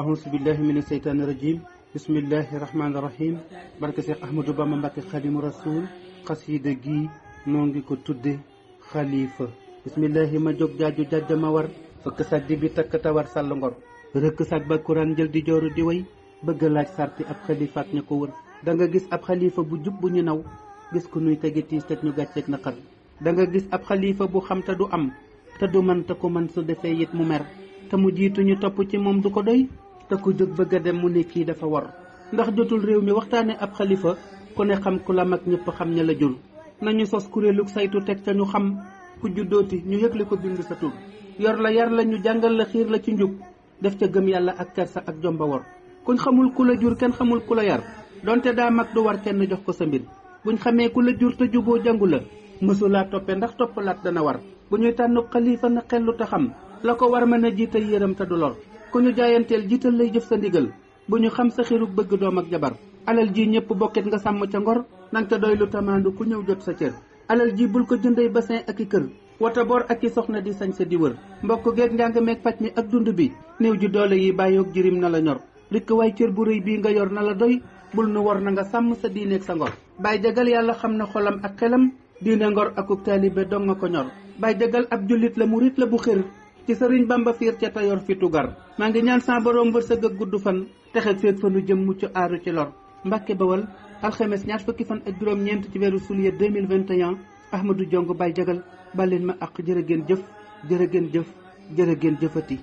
ahousu billahi min aseytaani rajim bismillahi rahmaani rahim barke Seex Ahmadou Bamba Mbàkke xadimu rasul xasiida gi noo ngi ko tudde xalifa bismillahi ma jóg jaaju jajjama war fëkk sag di bi takk tawar sàll ngor rëkk sag ba kuraan jël di jooru di way bëgg laaj sarti ab xalifaat ña ko wër da nga gis ab xalifa bu jub bu ñu naw gis ku nuy tegi tiis teg ñu gàcceeg na xar da nga gis ab xalifa bu xam te du am te du man te ko man su defee it mu te mu jiitu ñu topp ci moom du ko doy te ko jóg bëgg a dem mu ne kii dafa war ndax jotul réew mi waxtaane ab xalifa ku ne xam ku la mag ñëpp xam ña la jur nañu sos kuréelu saytu teg ca ñu xam ku juddooti ñu yëgle ko bind sa tur yor la yar la ñu jàngal la xiir la ci njub def ca gëm yàlla ak kersa ak jomba war kuñ xamul ku la jur kenn xamul ku la yar donte daa mag du war kenn jox ko sa mbir buñ xamee ku la jur te juboo jàngu la mësulaa toppe ndax toppalaat dana war bu ñuy tànn xalifa na xellu te xam la ko war mën a jiite yéram te du lor ku ñu jaayanteel jiital lay jëf sa ndigal bu ñu xam sa xiruk bëgg doom ak jabar alal ji ñëpp bokket nga sàmm ca ngor nang ca doylu tamandu ku ñëw jot sa cër alal ji bul ko jëndee bassin ak i kër wata bor ak i soxna di sañ sa di wër mbokk geeg njàng meeg mi ak dund bi néew ji doole yi bàyyoog jirim na la ñor rikk waay cër bu rëy bii nga yor na la doy bul nu war na nga sàmm sa diineeg sa ngor bàyyi jagal yàlla xam na xolam ak xelam diine ngor akuk taalibe dong nga ko ñor jagal ab jullit la murit la bu xër ci sëriñ bamba fiir ca tayor fi tugar maa ngi ñaan sa borom wërsëg a gudd fan texeg feeg fanu jëm mucc aaru ci lor mbàkke bawal alxames ñaar fukki fan ak juróom-ñeent ci weeru sulier 2021 ahmadou jong bay jagal baleen ma ak jërë ngeen jëf jërë ngeen jëf jërë ngeen jëfati